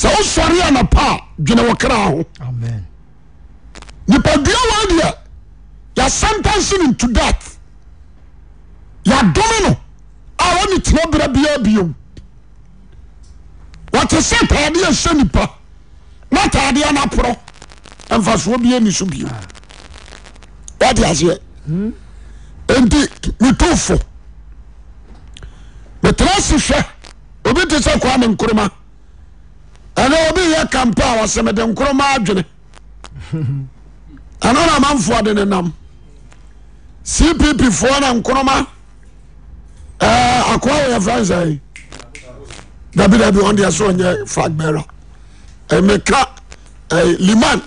sɛ wosɔre anapa a dwina wo kraa ho nnipa duawaadia yɛsampa se no nto dat yɛdome no a woni tena bra biaa biom wɔte sɛ taadeɛ sa nnipa na taadeɛ noporɔ mfasoɔ biani so biom wadeaseɛ nti metofo metera sehwɛ obi te sɛ koa ne nkoroma ɛnɛ obi yɛ kampa a wɔsɛmede nkoroma adwene ɛno na amanfoɔ de ne nam cpp foɔ na nkoroma akoa wɔyɛ fransai dabidabi dabi wɔn deɛ so ɔnyɛ flag bearer ɛmeka liman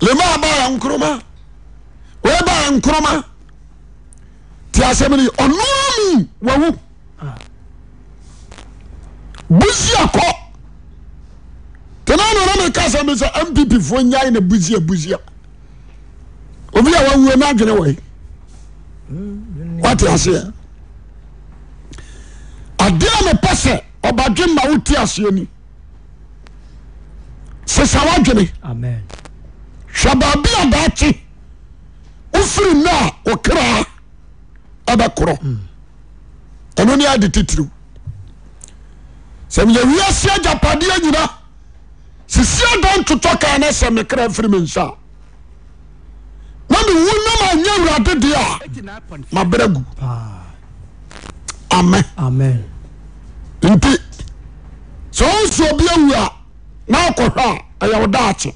liman abaayɛ nkoroma wɔyɛ baayɛ nkoroma ti asɛm ni mu wawu ah. busi tenannameka sɛ sɛ mppfo nyaine buza buza ovi a wawuɛno adwene wei mm. waateaseɛ adea nopɛ sɛ ɔbadwema woti aseɛ ni sesa woadwene hwɛ baabiadaakye wofiri nnea wokraa ɛbɛkorɔ mm. ɛno ne ade titiriw sɛmiyɛwi seɛ japadea nyina sisiadantotɔ ka ne sɛme kra firime nsaa wate wowama nya wuradedeɛ a mabrag aɛ ni sɛ wonsɛ obi awu a naakɔhwɛa ɛyɛwo dake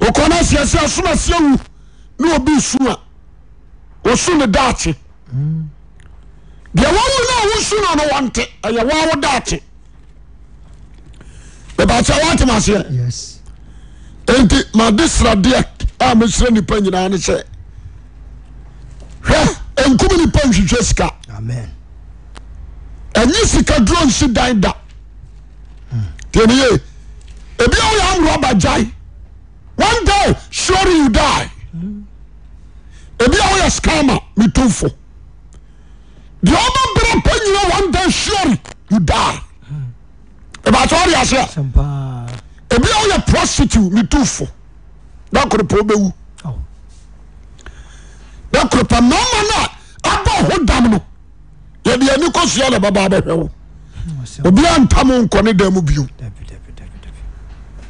wokno siɛsiasonasiawu ne obi s a wosono dake deɛ wowu noa wosu nonowonte ɛɛwoa wodake waatmseɛ enti made sradea a mesera nnipa nyinaa ne sɛ hwɛ nkum nipa nhwehwa sika anye sika duronsi danda tine ye ebia wɔyɛ amorowa bagyai one da suary you die ebi a wɔyɛ skama metomfo de oe berɛ pa nyina oneda suary you d ìbàtí ọ̀rẹ́ àṣẹ ebi a yẹ prostitute ni tuufo na kurupa obewu na kurupa mmarima náà abọ ọhún dam no yẹdi ẹni kò sùn yàrá bàbá abẹhwẹ wọ obi a ntam nkọ ne dan mu bio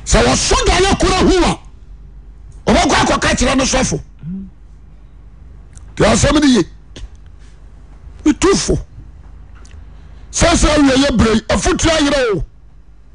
sɛ wɔso da yɛ koro hu a ɔbɛkɔ akɔka kyerɛ no sɔfo deɛ asɛm no ye ne tuufo sɛ sɛ awie yɛ berɛ afotuo ayerɛ o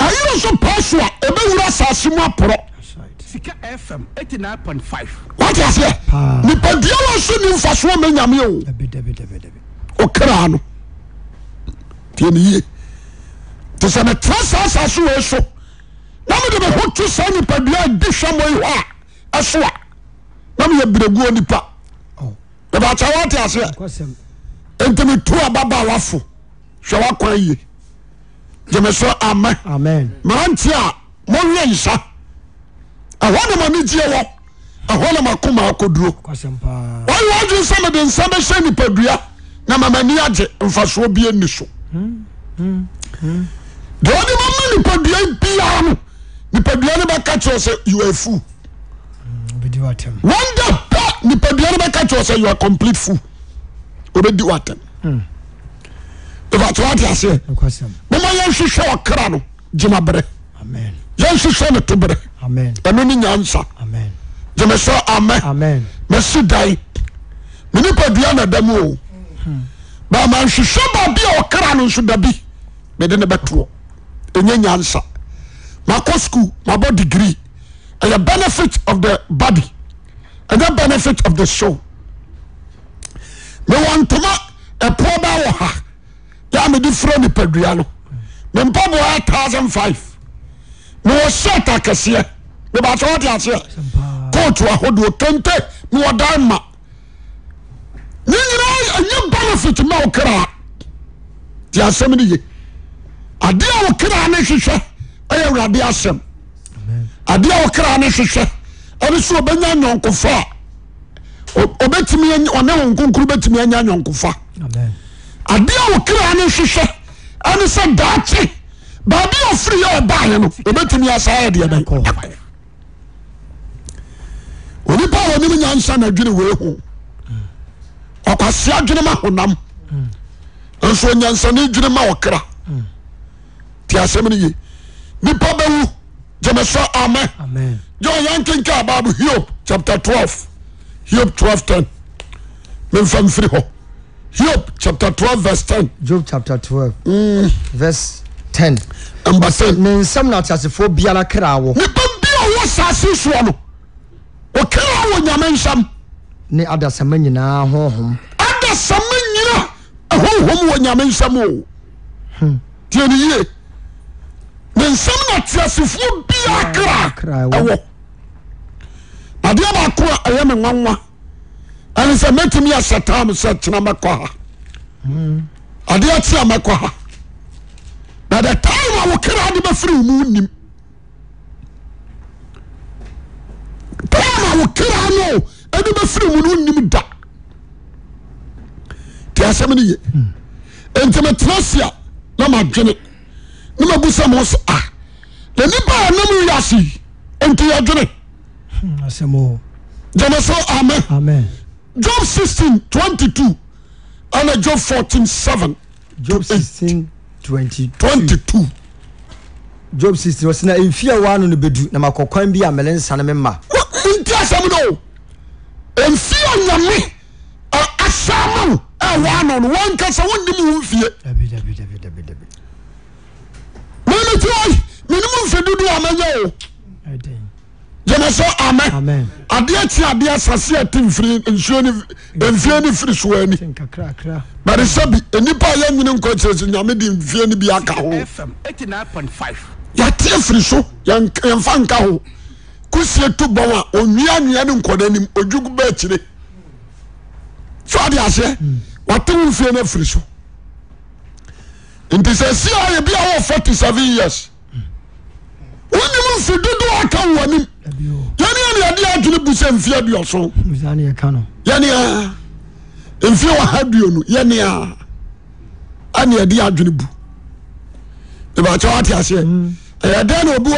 ayereso pa soa ɛbɛwura asase mu aporɔ waataseɛ nipadiasoni mfa soama nyameo kra no ini ti sɛ metra saa asa sowe so na mede mɛhoto saa nipadiaa ɛdi hwɛ mmɔ yi hɔ a soa na meyɛ biregu nipa ɛbɛakawataseɛ oh. ntimetoababaalafo hwɛ wokway gyemesɛ amɛ maanti a mɔwɛ nhya ɔhɔ nomanegye wɔ ɛhɔ nomakomaakɔduro ɔywɔ adwene sɛ mede nsa bɛhyɛ nnipadua na ma'ani agye mfasoɔ bia nni so doɔde mamno nnipadua biaa no nipadua no bɛka kyerɛɛ sɛ youar fuu wɔnda ba nnipadua no bɛka kyew sɛ youar complete fuu ɔbɛdi woatam hmm. tseɛ mɛma yɛ nhwehwɛ kra no gyimaberɛ yɛ nhweswɛ no to berɛ ɛno no nyansa yemesɛ am mɛsoda menipa duanadam ɛma nhweswɛ babiakra o so dabi mdeeɛɛynyasa ak skl abɔ degree ahe benefit of the body an benefit of the sou mewtomapoa bah ɛmede frɛ nepadua no mempɔboaau5 eɔ sɛakɛseɛ ɛ dma neyinyɛ benefit ma okra asɛnea hwwɛyɛwehwwɛa ɔnfɛn konkr bɛtumi anya nyɔnkofa adea wokira ne nhwehwɛ ane sɛ daate baabia ofiri yɛ ɔbaane no ɔbɛtumiasaa ɛde bɛn onipa ɔnim nyansanadwinewehu ɔkwasea dwenema honam nsoɔnyansane dwenema ɔkra ti asɛmno ye nipa bɛwu gyamesa ama yɛɔyankenkea bibl hob chapt 12 ho 210 memfamfiri hɔ 0nia mm. bi ɔwɔ saase soɔ no ɔkra wɔ nyame nsɛ adasama hmm. nyina oo nyasmyie ne nsɛm nateasefuɔ bara rawɔadeɛmao yɛ mewawa ɛne sɛ mɛtimiyɛ satam sɛ eaɛɔ adeateamakɔha buthe timeawo kra de bɛfiriw no nim paiawokra n ne bɛfirimu no nim da tiasɛmi no ye ntimetenaasea ne madwene nemagu sɛme se a nanipaanamyase ntoyɛ dwenea hmm, gemeso ame jon 6x 22 ɛna job fourteen seven job sixteen twenty two job sixteen ɔsɛ na nfi a waa no eh, no bedu eh, na ma kɔ kwan bi a mɛlɛ nsa no mi ma. nti asɛm do nfi a nyame asaamu a waa no no wɔn nkasa wɔn nim wɔn fie. mɛlɛ ti wa mɛ nimu nfɛ dudu a mɛ nyɛ o yẹmẹ sọ amẹ adeɛ ti adeɛ asase a nfiri nsuo ni nfie ni firi soɔ ani bari sɛbi enipa a yɛn nyini nkɔ kyerɛ sɛ nyame di nfie ni bi aka ho yate firi so yɛnfa nka ho kusie tu bɔn a onua nua ni nkɔda nim ojugu bɛɛ kyerɛ so adi aseɛ wate nfie na firi so nti sɛ si a yɛ bi a forty seven years wɔn nim nfi dodo aka wɔn anim. yɛne nneade adwene bu sɛ mfeɛ aduɔson yɛnea mfie wɔhadn yɛnea ane d adwene bu ɛ35ɔɛaɛ bɛ nyamede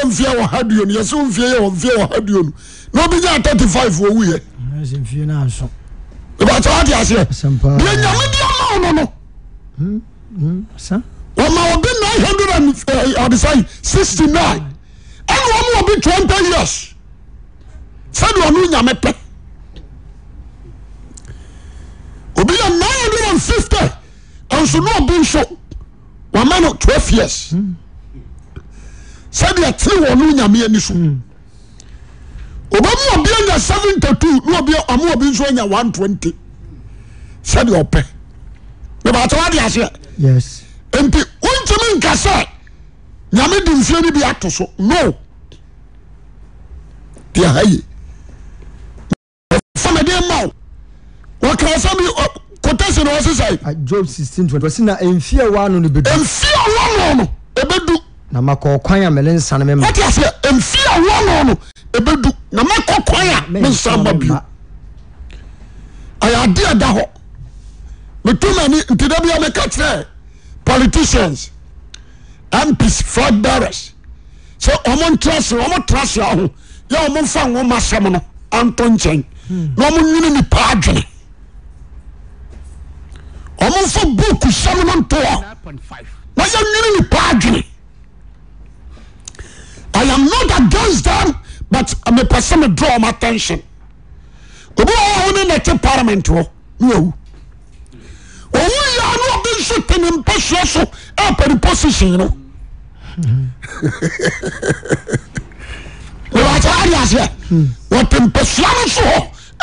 no ɔ no no ɔma ɔbɛ nh0absa yi six9 ɔneɔm ɔbi 20 yeas ɔno nyame pɛ obi yɛ nine hundred and fifty ɛnso na ɔbi nso wama no twelve years sɛdeɛ tiri wɔ no nyame ani so obamu obi anya seventy two na obi ɔmo obi nso anya one twenty sɛdeɛ ɔpɛ bɛbàtà wà di aseɛ yes nti ntumi nkasa nyame di nsuo ni bi ato so no deɛ ha yie awurade ah, ma wo wɔka sɛ bi kotation wɔ sesae job 1620 ɔsi na ɛmfie wa no no bɛdu ɛmfie wa no no ɛbɛdu na makɔ kwan a mele nsa no mema wote aseɛ ɛmfie a wa no no ɛbɛdu na makɔ kwan a mensa ma bio ɛyɛ ade ɛda hɔ metomani nti da bia meka kyerɛ politicians mps fraud bearers sɛ ɔmo ntrase ɔmo trase aho yɛ ɔmo mfa nwoma sɛm no anto nkyɛn Hmm. na ɔmowena nipaa dwene ɔmomfa bukusɛmno ntɔa nasɛ wenonipaa dwene i am not against am but amepɛsɛne dramattention obɛɔhne nɛke parrament hɔ meahu ɔhoya noɔbensotenempsua so ɛpaniposes e no hmm. eɛmsua hmm. oh si aoas baɛd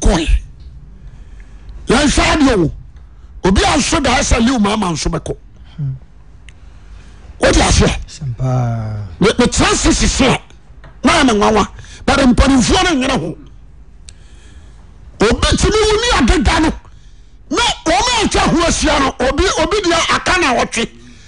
kɔe ynhwɛadewo obiasodasɛe maama nso ɛkɔodesɛeteassesea newaw but manimfu no yere ho obi tumi wo niadeda no n ɔmakyɛ ho asia no oidakanaɔtwe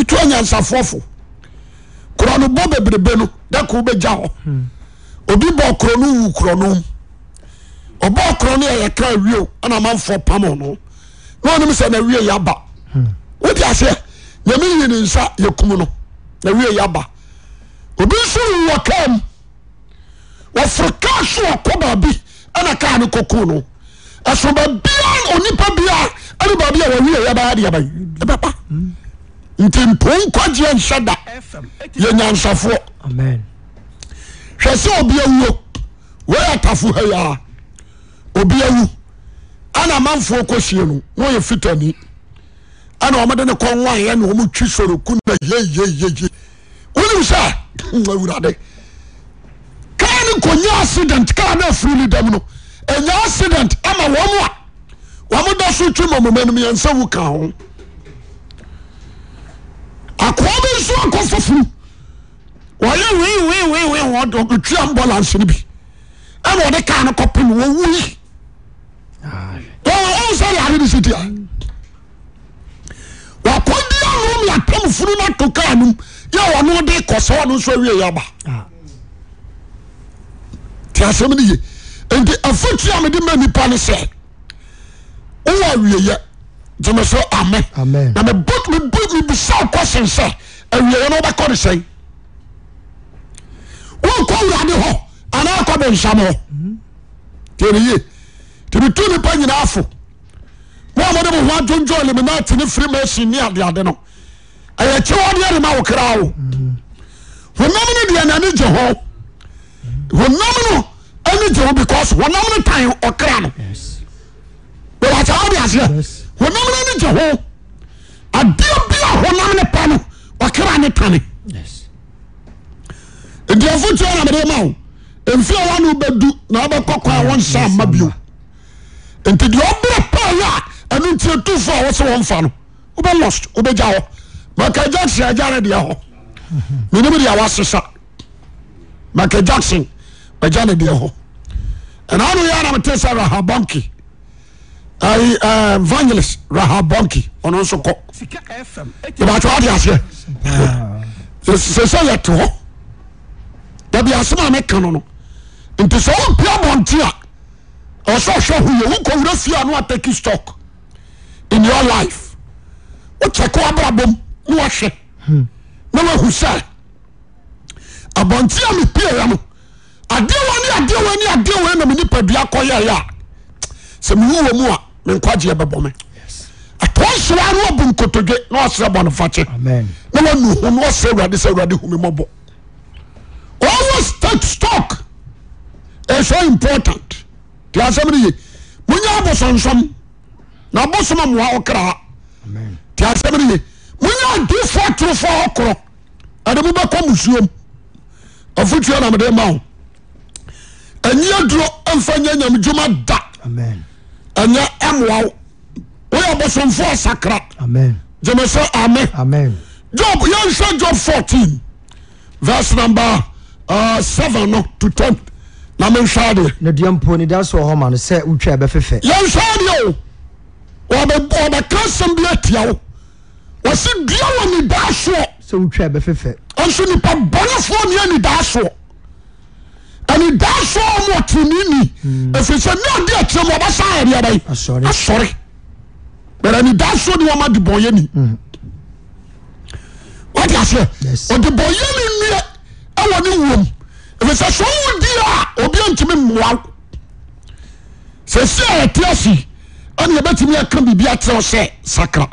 metu anyansafoɔ fo korɔ no bɔ bebrebe no da ko wobɛgya hɔ obi bɔ korɔ no wu korɔ no m ɔbɔɔ korɔ no yɛyɛ kra awio ana manfoɔ pam no na ɔnim sɛ na wie yɛaba wode aseɛ nyame yi ne nsa yɛkum no na wie yɛaba obi nso wuwɔ kaa mu wɔforo kaa so ɔkɔ baabi ɛna kaa no kɔku no ɛso baabiaa onipa biaa ɛne baabi a wɔwie yɛbaa deɛ ɛbɛba nti mpo nhyɛ da yɛ hwɛ sɛ obi awuo woyɛ tafo hayaa obi awu ana amanfoɔ kɔsie no na fitani ana ɔmode ne kɔwaeɛ ne ɔmo soroku na yeyeye wonim sɛ hmm, awurade kaa ne kɔnya accident kaa na afiri ne dam no ɛnya accident ama wɔm a wɔmodɔ so twi mamoma nom yɛnsɛ wo ka kɔ foforo wɔyɛ wiwiwiwi wɔn de ɔtwi ambulance ni bi ɛna ɔde kaa no kɔpem wɔn wuli ɔn sɛ yare de si tia wakɔ di ɔno mi apem funu na to kaa no yɛ ɔno de kɔsɛ ɔno nso awie yaba te asɛm ni ye nti afotu a mi de ma nipa ni sɛ wɔn awie yɛ jẹmẹsẹ amen na mẹ bọ mẹ bọ mẹ bisá ọkọ sẹnsẹ awieɛ no wobɛkɔ ne sɛn wonkɔ wurade hɔ anaa kɔ bɛnsam hɔ tɛneye timitu nipa nyinaa fo mo a mode mo ho adwondwo eliminati ne firi masin ne adeade no ɛyɛ kyiwadeɛ de ma wo kra wo honam no deɛ nane gye hɔ honam no ani gye ho because honam no tan ɔkra no bɛwakya wode aseɛ honam no ani gye ho adeɛ bia honam no pa no ɔkra ne tane ntiafotuo na mede ma wo mfie wa ne wobɛdu na wobɛkɔ kwan a wɔnhyɛ amma bio nti deɛ ɔbrɛ paayɛ a ɛno nti atufo a wɔsɛ wɔmfa no wobɛlost wobɛgya hɔ maka jackson agya ne deɛ hɔ menim deɛ wɔasesa maka jackson agya ne deɛ hɔ ɛna no yɛ anamte sɛ rahabɔnke ayi ɛɛ eh, evangelist rahab bonki ɔno nso kɔ ìbàtí wàá di aseɛ sese yɛ te hɔ dabi asem a mi kan no nti sɛ wọn pe abɔnti a ɔsɛ ɔhwɛ hu yɛ wukɔ wura fie a no ataki stock in your life wokyɛ kó abrabom na wɔhwɛ na wɔahu sɛ abɔnti a mi pe ɛyɛ no adeɛ wɔ ne adeɛ wɔ ne adeɛ wɔ ne na mi nipadua kɔ yɛ yɛ a sɛ mi wu wɔ mu a. ekog be s bnkode n sebnfacenusdedeestak stock i so important smeeyebosonsom nabosome moakra asmee moyedfo torofo h koro demu bɛkɔ musuo fotnmdema yduro mfa yayam wuma da ɛnɛ maw woyɛ ɔbɔsomfoɔ sakra gemɛ sɛ ame job yɛnsɛ job 14 vers n 7 no to0 naensadeɛ yɛnsa deɛ o wɔbɛkaa asemblia atia wo wɔsɛ dua wɔ nidaa soɔ ɛnso nnipa bɔnefoɔ nuanidaa soɔ ɛni daasɔ ɔmo ɔtunini hmm. efisɛ ní ɔdi ɛkyerɛ mu ɔbɛsa ayɛri ɛbɛyi asɔre bɛrɛ ni daasɔ ni wɔn adi bɔyɛ ni hmm. wɔdi aseɛ ɔdi bɔyɛ ni nua ɛwɔ ni wɔm efisɛ sɔmu di a obi ntumi mua sɛsi a yɛte asi ɛni yɛbɛtumi ɛka bibi akyerɛ sɛ sakra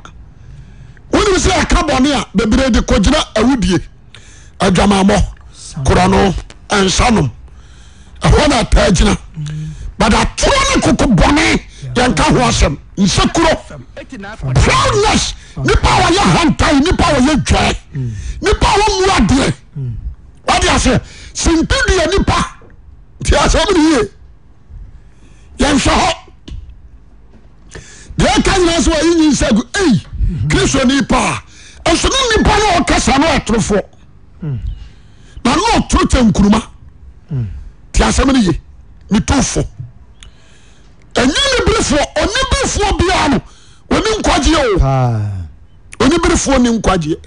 wɔn ni sɛ ɛka bɔne a bebree de kogyina awudie adwamamɔ korɔ no ɛnsa nom ɛhɔ na ataa gyina but atoro ne koko bɔne yɛnka ho asɛm nsekuro proudness nipa a wɔyɛ hantae nipa a wɔyɛ dwae nipa a wɔmmu adeɛ wade aseɛ simpidua nipa nti asɛm ne yie yɛnhwɛ hɔ deɛ ɛka nyina sɛ wɔyɛ nyinsɛ gu ei kristo nipa a e ɛso ne nipa no ɔkasa no ɛtorofoɔ na ne ɔtoro tɛ nkuruma asɛm no ye me tofo ananeberefoɔ ɔneberefoɔ bia no ɔne nkayeɛ o ɔnberefoɔnenkwagyeɛ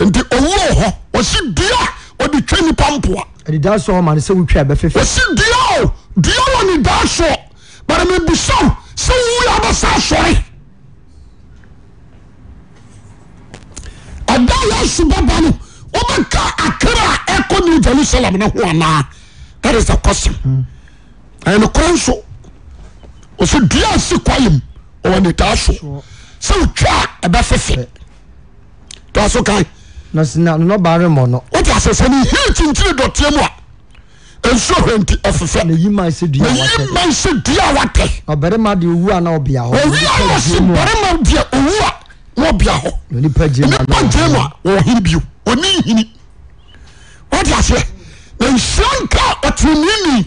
nti ɔwuhɔ ɔse dua ɔdetwanopampoaɔs ao uanedaasoɔ baramabuso sɛ wowuɛ obɛsa asɔre ɔba yɛasobaba no wobɛka akra a ɛkɔ ne jerusalem no hoanaa that is the question ɛyɛ nokorɛ nso ɔsɛ dua asi kwayem ɔwɔ ne taa so sɛ wotwa a ɛbɛfefe toa so kan wote asɛ sɛ ne hie kyinkyiri dɔteɛ mu a nsuo hwɛ nti ɛfefɛ na yi ma ɛsɛ dua awatɛ ɔbɛrima deɛ owu a na ɔbea hɔ owia na ɔsi bɛrima deɛ owu a na ɔbea hɔ nipa gye mu a wɔwɔ hene bio ɔni nhini wote aseɛ nsianka ɔtmmini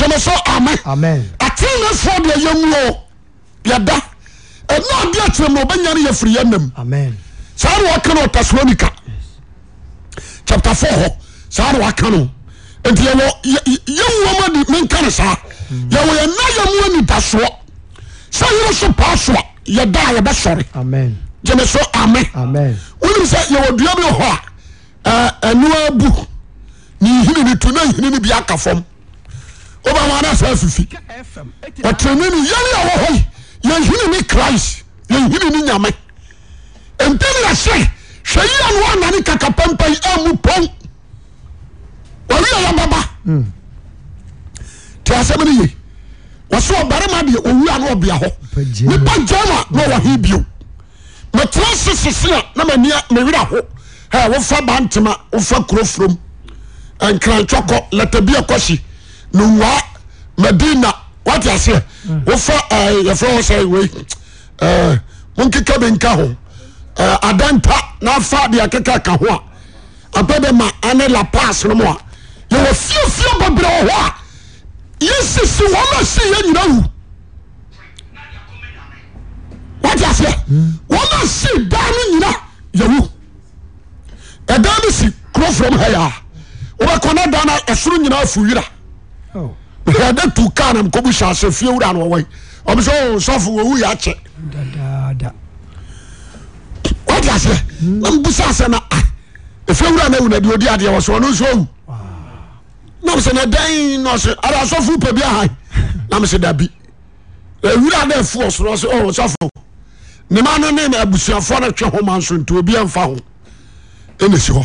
yameso am atenes de yamu yɛd ɛnteemɛyae yɛfriyanm skaasaad enkae s yɛwyɛna yamu nipasoɔ sɛ yereso pasa yɛdayɛɛsreams nsɛ yɛdhn iwh yehene ne chris yhene yam pse wɛnan kaka apu po abae eterasesesewoa ofa kofo nkrantwk letabiakɔsi nowa madina wataseɛ mm. woyɛfsɛ eh, eh, monkeka menka ho eh, adanta na afa deakekaka ho a abɛ dɛ ma ane lapas noma yɛwɔ fiofio babrɛwɔ hɔ a yɛss ɔnase yɛ nyina wu aseɛ mm. nase daa no yina yar ɛdane si kurofrh wobɛkɔ na da na ɛsoro nyinaa afu wira ɛde oh. tu kaa na mkɔbu hyɛ asɛ fie wura na ɔwɔ ɔm sɛ ɔsɔfo wɔwu yɛ akyɛ wode aseɛ na mbu sɛ asɛ na a ah, ɛfie wura na awu na deɛ ɔdi adeɛ wɔ so ɔno nso awu na mesɛ na dan na ɔse ara asɔfo pɛ bi ahan na mesɛ da bi awura na afu ɔsoro ɔse ɔsɔfo ne ma no ne na abusuafoɔ no twe ho ma nso nti obi amfa ho ɛna si hɔ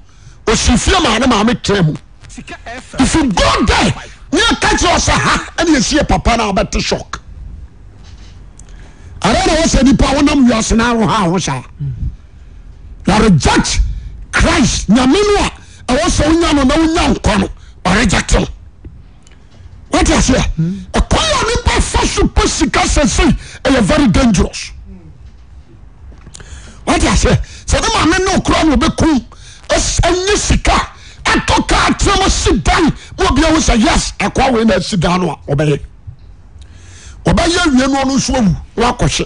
sfiemane mame kemu fgo ekakeɛ se ha anesi papa nete sho wsa ninaeju cris a wsyayannafa sopo sika sese y very dangerosne ɛnye sika ɛtɔ kaa tena mo si dan mu obi ehu sɛ yes ɛkɔ wei na esi dan no a ɔbɛyɛ ɔbɛyɛ wie no ɔno nso awu na wakɔhye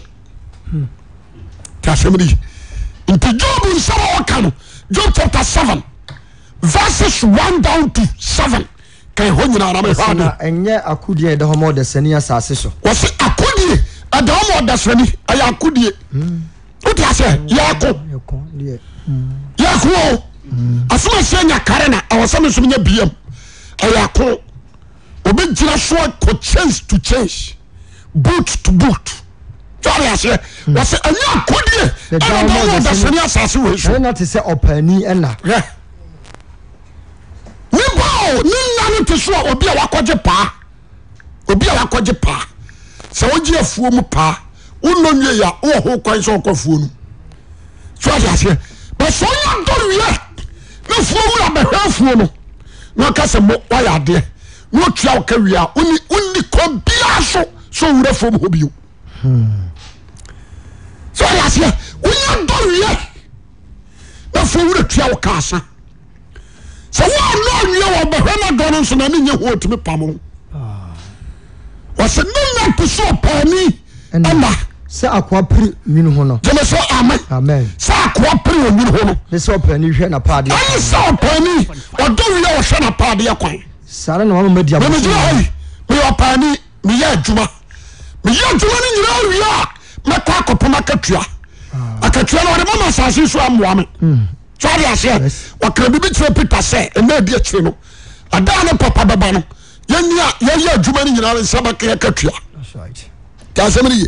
te asɛm no nti job nsɛm a ɔka no job chapter seven verses one down to seven kan hɔ nyinaa na mehwɛ ade na ɛnyɛ akodie ɛda hɔ ma ɔdasani asase so wɔse akodie ɛda hɔ ma ɔdasani ɛyɛ akodie hmm. wote asɛ yɛako yɛako hmm. o asoma se nya kare na ɛwɔ sɛ mesom nya biam ɛyɛ ako obɛgyina soa kɔ change to change boot to boot tọ́lá aseɛ hmm. wàsɛ ɛnyɛ akodie ɛna bá wọ dasani asase wɔ esu. ɛna ti sɛ ɔpɛni ɛna. rɛ nígbà o ní nanu ti so a obi a wakɔgye paa obi a wakɔgye paa sɛ wogye afuo mu paa wọnọ nwie ya wọ ho kwan sɛ ɔkɔ fuo no tọ́lá aseɛ bɛ sɛ yɛ. foɔ wura bɛhɛfuo no nekasɛ wyɛdeɛ neɔtua wokawie a onnikɔ bia so sɛ wra fo hɔ sɛeaseɛ wonya dɔ wiɛ nafo wura tua wo kaasa sɛ wonawiɛ wɛɛ nodɔno sonne yahimi pam sɛ nenapɛsɛɔpania eso mɛ presɛpani deɛ ɛ na pade an ea e a ne yinai mkɔ kp ka tua auaesa e yae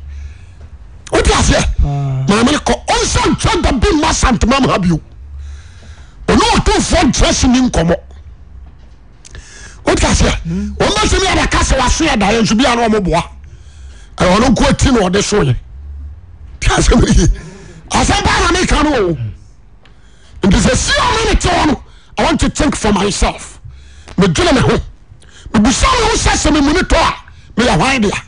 Ah. o ti maame kɔ ɔnsa ntwa da bi ma santoma ma bi o ɔno ɔtun fɔ ntwa ni nkɔmɔ o ti wɔn bɛ se adaka se wa so yɛ nso bi a ɔmo bua ɛwɔ no nko eti na ɔde so yɛ ti ase mi yi asɛmpa na mi no o nti si a mi ni te I want to think for myself me dwene me ho me busa me ho sɛ sɛ me mu ni tɔ a me yɛ hwan dea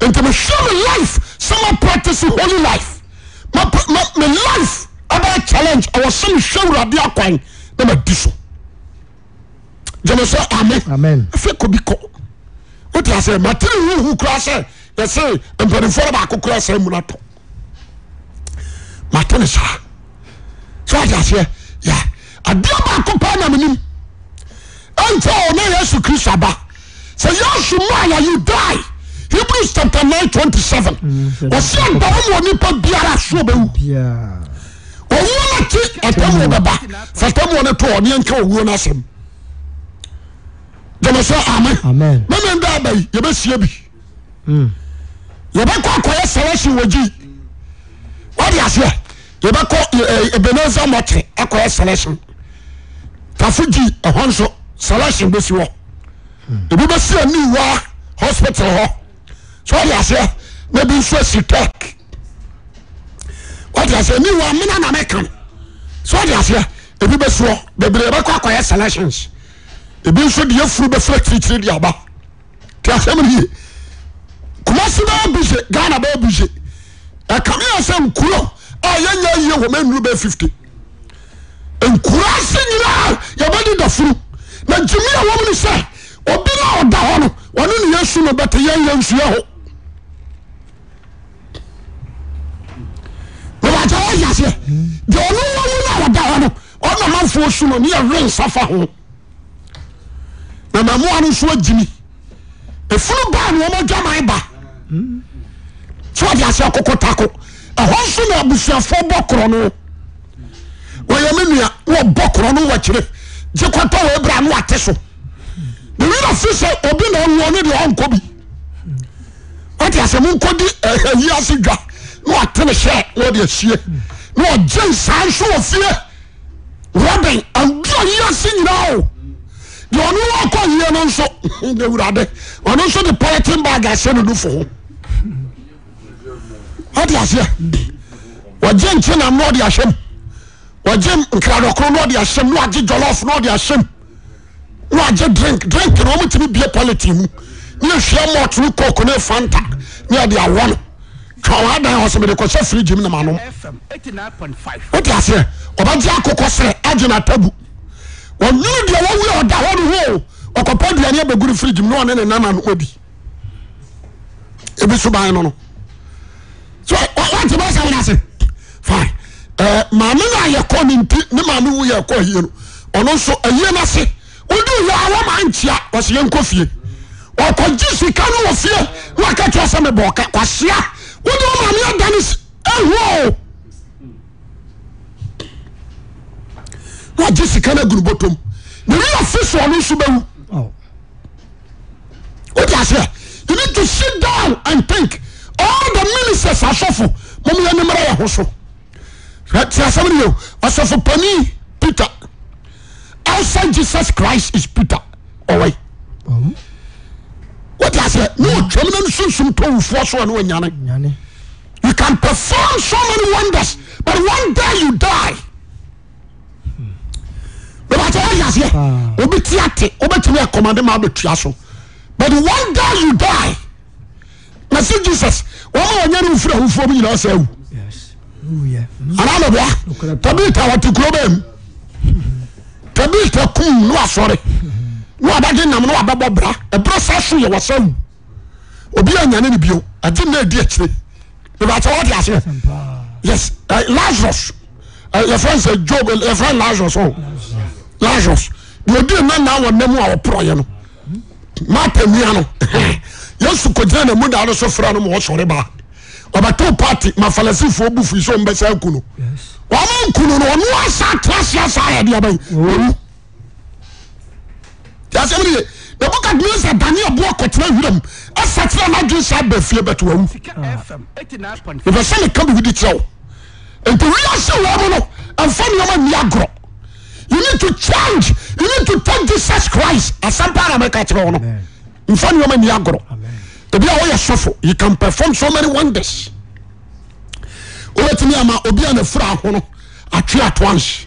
nti me hwɛ me life. me practice holy life me life ada challenge awɔseme sɛwr ade kwa nemai so esɛ meah krases arasuade baako paa namanim nte me yesu kristo aba sɛ yose maayayo di Hebrews chapter nine twenty seven ɔsi agbawo wɔ nipa biara so bɛwu owuo n'akyi atam wɔ bɛba fatam wɔ ne to ɔ nea nka owuo n'asɛm jɛnɛsɛ amen mɛmɛ n da aba yi yɛbɛsie bi yɛbɛkɔ akɔyɛ sɛlɛsi wɔgyi wɔde aseɛ yɛbɛkɔ ɛɛ ebeneza mɔtiri akɔyɛ sɛlɛsi tafo gyi ɛhɔ nso sɛlɛsi bɛsi hɔ ebi bɛsi ɛni wa hospital hɔ so ɔde aseɛ na bi nso asi tɛk ɔde aseɛ mi wɔ amena na meka no so ɔde aseɛ ebi bɛ soɔ bebree bɛkɔ akɔyɛ selections ebi nso deɛ furu bɛfrɛ titiri de aba te asɛm no yie kumasi bɛɛ buse ghana bɛɛ buse ɛkame yɛ sɛ nkuro a yɛnyɛ yie wɔ mɛnuru bɛɛ fifty nkuro ase nyinaa yɛbɛde da furu na gyimi a wɔm no sɛ obi na ɔda hɔ no ɔne ne yɛsu no bɛte yɛn yɛn nsuɛ ho nti awo yi aseɛ deɛ ɔno wɔn na ɔda hɔ no ɔna amanfoɔ su no ne yɛ wen safa ho na mamoa no nso agyimi efunu baa na wɔn adwa man ba so ɔde aseɛ koko tako ɛhɔ nso na abusuafoɔ bɔ korɔ no wɔyɛ me nua wɔ bɔ korɔ no wɔ akyire gye kɔtɔ wɔ ebira no ate so the real fi sɛ obi na ɔwɔ ne deɛ ɔnkɔ bi ɔde aseɛ mo nkɔ di ɛhɛ yi ase dwa na ɔtene hyɛ na ɔde ahyie na ɔgye nsaa nso wɔ fie robin awura yi ase nyinaa o deɛ ɔno wɔkɔ yie no nso na awurade ɔno nso de pɔlɛtin baage ahyɛ no nufo ho ɔde aseɛ ɔgye nkyenam na ɔde ahyɛ mu ɔgye nkradɔkoro na ɔde ahyɛ mu na ɔgye jɔlɔf na ɔde ahyɛ mu na ɔgye drink drink na ɔmo tumi bie pɔlɛtin mu ne ehwɛ mɔɔtun kooko ne fanta ne ɔde awɔ fa wa dan ɔsɛ mɛde kɔhyɛ firiji mu na ma nom o ti aseɛ ɔba di akokɔ srɛ agye na tabu ɔnyini deɛ wɔwura ɔda hɔ no ho ɔkɔpɔ aduane abɛgu ne firiji mu na ɔne ne nana no obi ebi so ban no no so wɔte bɛ sɛ wɔn ase fine ɛɛ maame na yɛ kɔ ne nti ne maame wu yɛ kɔ yie no ɔno nso ɛyie na se wodi yɛ awɔ maa nkyia wɔsi yɛ nkɔ fie ɔkɔ gyi sika no wɔ fie wɔn akɛkyɛ sɛ mɛ bɔ ɔka kɔ ahyia wọ́n ní wọ́n maame adani ẹ̀hún ọ̀ wọ́n agye sika náà gùn bọ́tọ̀ mu nínú ọ̀fíìsì ọ̀nù nso bẹ́ẹ̀ wù wọ́n oh. ti àṣẹ you need to sit down and think all the ministers asọ́fo mọ́mú yẹn ní mìíràn yẹn ho so ti asẹ́mu ni yẹn ọ̀sọ̀fo panin Peter outside Jesus Christ is Peter ọ̀wẹ́. Right. Oh wote aseɛ ne ɔtwam no nsumsum tɔwufoɔ so ne ɔnyane you can perform so many wonders but one day you die bɛbɛkyɛ woyɛ ah. obi wobɛti ate wobɛtumi akɔmande ma wobɛtua so but one day you die na se jesus wɔma ɔnyane wofiri mi mu nyinaa sɛ wu anaa meboa tabita wɔte kuro baa mu tabita kum no asɔre ne wabɛgye nam ne wabɛbɔ bra ɛberɛ sa so yɛ wɔsa wu obi anyane ne bio agye na adi akyire ebakyɛ wɔde aseɛ yes uh, lazarus uh, yɛfrɛ sɛ job yɛfrɛ lazarus o oh. lazarus deɛ odi nna na wɔ nam a wɔporɔyɛ no mata nua no yesu kogyina na mu daa no so frɛ no ma wɔsɔre baa ɔbɛto party ma falasifoɔ bu firi sɛ ɔmbɛsa aku no wɔma nku no no ɔno asa tra seɛ saa yɛde abɛyi ɔnu smeyɛ nabukadnestar danil boatenaia sɛteranodsɛ bafie bto sɛmeka iikɛwo nsemuno mfanemannia gorɔnojesus christ sapanikaeɛ mfanangrɔwyɛ sofo yoan pefom somany wonderstianafurahot atnc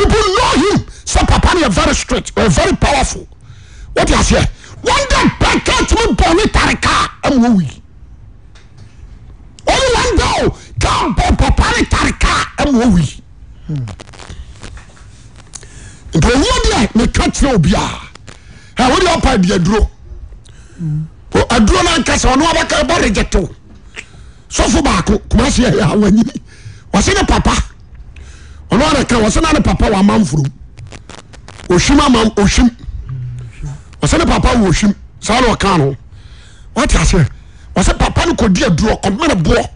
peple no m se papa ne ya very strat very powerful woe e e ka tum bone tareka mwi enao ka papae tareka mtw de eka teraobwepadeadad nkesenree te sofo bak sene papa ɔnoane ka wɔsena ne papa wɔamamforom ohwim ama ohwim ɔsene papa wɔhwim saa ne ɔka no wate aseɛ ɔsɛ papa no kɔdi aduro ɔmene boɔ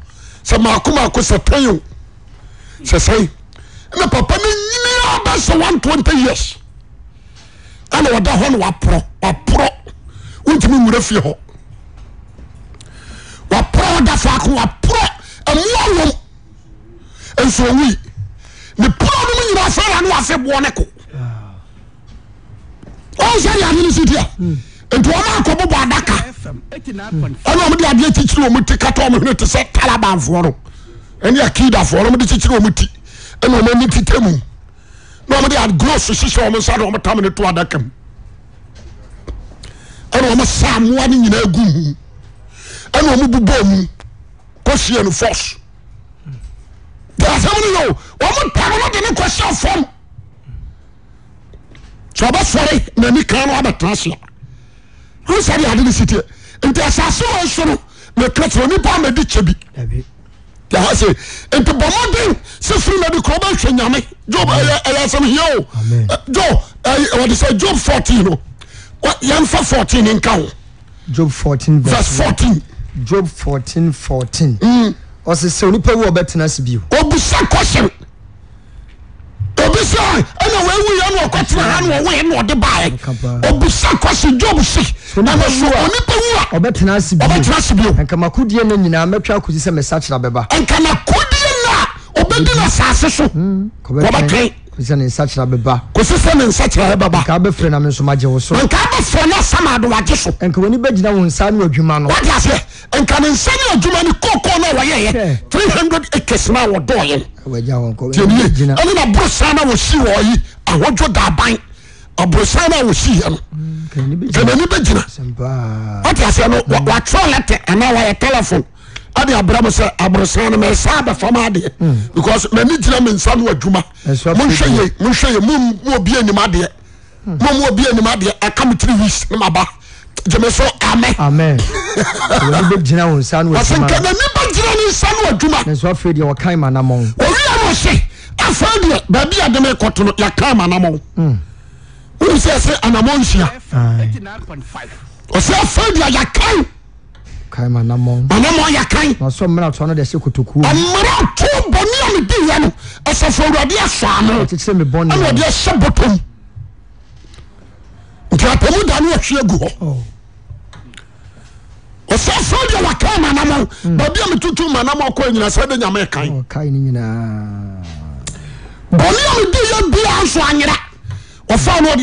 sɛ maako maako sɛ tɛn o sɛ sɛn na papa no nyinaa bɛsɛ one twenty years ɛna wɔda hɔ no waporɔ waporɔ wontumi nwura fie hɔ waporɔ ɔda faako waporɔ ɛmoa wom nso owui ne pura oh, no mu nyinaa sara ne wase boɔ ne ko ɔnsɛ de ade no si tia nti ɔma akɔbobɔ adaka ɛne ɔmde adeɛ kyikyiri ɔmu ti kata ɔmo hene te sɛ talabanfoɔ no ɛne akidafoɔ no ɔmde kyikyiri ɔmu ti ɛne ɔmo ani tita mu na ɔmde agros hyehyɛ ɔmo nsa de ɔmo tam ne to adaka mu ɛne ɔmo sa mmoa no nyinaa gu mu ɛne ɔmo bubɔ mu kɔhyia no force m ao dene sin fom sɛbɛfɔre nanika nabɛtraseaenip made kyɛ bisfriaderabɛɛ nyame jyɛsmesɛ job 4 o yamfa 4 nkao ve 4 ɔsi sɛ onipa wu ɔbɛtena ase bio. obusa kɔsɛm obusa ɛna wɛwu yɛ ɛna ɔkɔtena ha na ɔwɔ yɛ ɛna ɔde baayɛ obusa kɔsɛm job si na bɛ so onipa wu a ɔbɛtena ase bio ɔbɛtena ase bio. nkamakudie ne nyinaa mɛtwa akosi sɛ mɛsa kyerɛ bɛba. nkamakudie na ɔbɛdi hmm. na saase so hmm. wɔbɛtɛn sɛ ne nsakyera bɛba kòsi sɛ ne nsakyera yɛ bɛba nka bɛfrɛ na me nso magye wo so nka abɛfrɛ na sama ado wagye so nka w'ani bɛgyina wo nsa ne adwuma no wadi aseɛ nka ne nsa ne adwuma ne kookoo na wɔyɛ yɛ three hundred acres na wɔdɔɔ yɛ wagya wɔn kɔ tiɛniye ɛne na burosan na wɔsi wɔ yi ahɔdwo daaban aburosan na wɔsi yɛ no hmm, nka n'ani bɛgyina wadi aseɛ no wɔatwerɛ lɛtɛ anaa wɔyɛ telephone ade abram sɛ abrosa no mesa bɛfamadeɛ beause mani gyina mensa noadwumaɛe nimadɛ akameiri b emeso mmnibɛginan nsa nadumas afedeɛ babiadmk ykanm msɛsɛ anam sia fdeyka kan ma anamɔ. anamɔ yɛ kan. na sɔ mmerɛ atɔ no de ɛsɛ kotokuo. ɔmmerɛ ato bɔnni a mi di yɛ no ɛsɛfo awurade ɛsɛ ano. ɛkyekyere mi bɔnni. ɛna ɔde ɛhyɛ bɔtɔm nti apɔmu da no ɛhwie gu hɔ. ɔsɛfo oh. deɛ wakan ma anamɔ hmm. baabi a mi tutu ma anamɔ kɔ nyina sɛ de nyame kan. Oh, ni nyinaa. bɔnni a mi di yɛ bi a nso anyera ɔfa no ɔde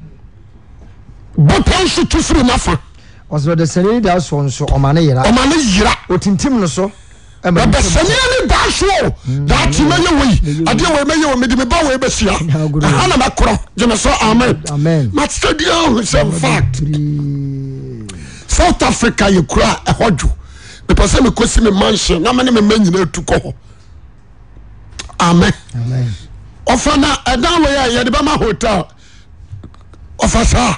bɔtɛ nso tu firi n'afa. ɔsoro dɛsɛnni da so nso ɔma ne yira. ɔma ne yira. otintim no so. ɛbɛsɛnni ni da so o mm. daati mɛ yɛ woyi adeɛ woyi mɛ yɛ woyi mɛ dimi ba woyi bɛ si ya ɛha na mɛ korɔ jɛnɛ sɔ amen. amen. ma ti sɛ di ɛhun fact south africa yɛ kura ɛhɔ jo mepɛ sɛ mekɔ si me mansion na mɛ ne mɛ mɛ nyinaa etu kɔ hɔ amen. ɔfa na ɛdan wɔ yɛ yɛde bɛ ma hotel ɔfa saa.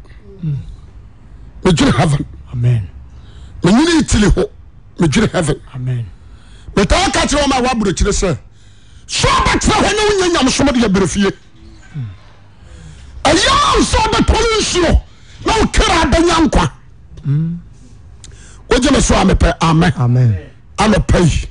medere heaven menyeniitile ho medere heaven metaa ka kere homa wa borekyire sɛ soa bɛ terɛ ho ne wonya nyame somodeya berefie ayensode prominsio ne okare banyankwa mm. wogyeme soa me pɛ ame alopai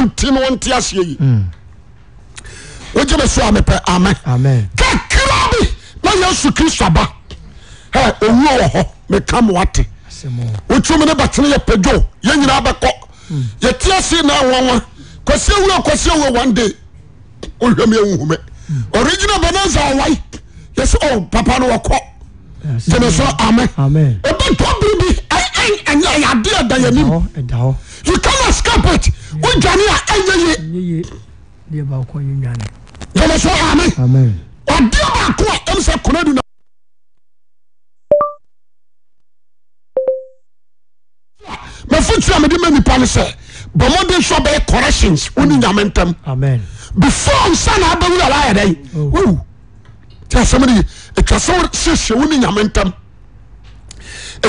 tntesmeso kae mayesu kristo bawwh ekaa ne tee yɛpwlapapao brdnioas woanea ɛyeyeknso hane de bankoa ms kondn mafo tamede ma nipa no sɛ bamɔde nso bɛyɛ corretions wone nyame ntm befonsanamy asɛssewon nyame ntm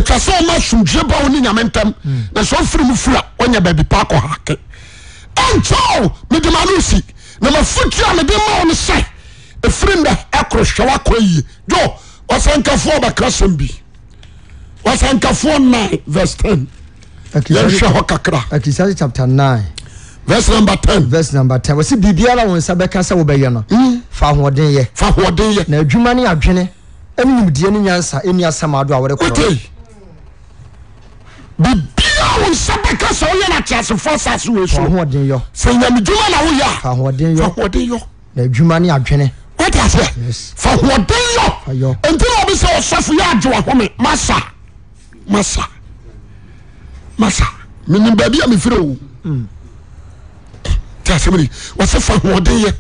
twa sɛ woma somdebawone nyamentm hmm. ns ferimu fora ye baabi pak hake ɛnkyɛw mede ma no si na mafotu a mede ma wo no sɛ ɛfiri nnɛ ɛkoro hwɛ wakɔ yie jo ɔsankafoɔ bɛka sɛm bi ɔsankafoɔ 9 verse 10 yɛnhwɛ hɔ kakra Ecclesiastes chapter nine verse number 10 verse number ten wɔsi biribiara wɔn nsa bɛka sɛ wɔbɛyɛ no hmm. fa ahoɔden yɛ fa hoɔden yɛ na adwuma ne adwene ɛne nimdeɛ ne nyansa ɛni asɛm ado a wɔde kɔ wote bib wo nsa bɛka sɛ woyɛ no ateasefoɔ asase wei so sɛ nyamedwuma na woyɛ a fahoɔden yɔ na adwuma ne adwene wate aseɛ fahoɔden yɔ enti na wɔbi sɛ ɔsɔfo yɛ agye wahome masa masa masa menim baabi a mefiri o mm. ti asɛm ni wɔsɛ fahoɔden yɛ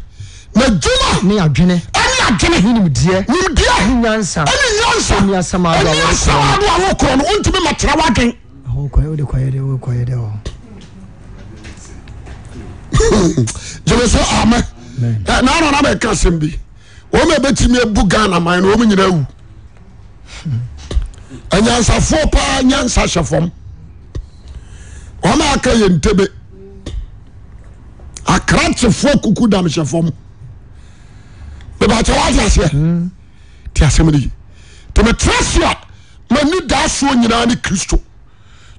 na adwuma ne adwene ɛne adwene nimdeɛ nimdeɛ ɛne nyansa ɛne nyansa adoa wo korɔ no wontumi matera w'adwen keme sɛ ame nanena meɛka sɛm bi wome bɛtimi abu ga namae ne womi nyina wu anyansafoɔ paa nyansa hyɛfom wamaaka yentebe akratefoɔ kuku damhyefom bebɛta wataseɛ hmm. tiasmee temetrasoa mani dasoɔ yina ne kristo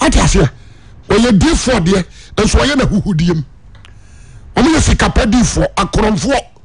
wati ase a ɔyɛ difoɔ deɛ nso ɔyɛ na huhudiɛ m ɔmoyɛ sikapa difoɔ akoromfoɔ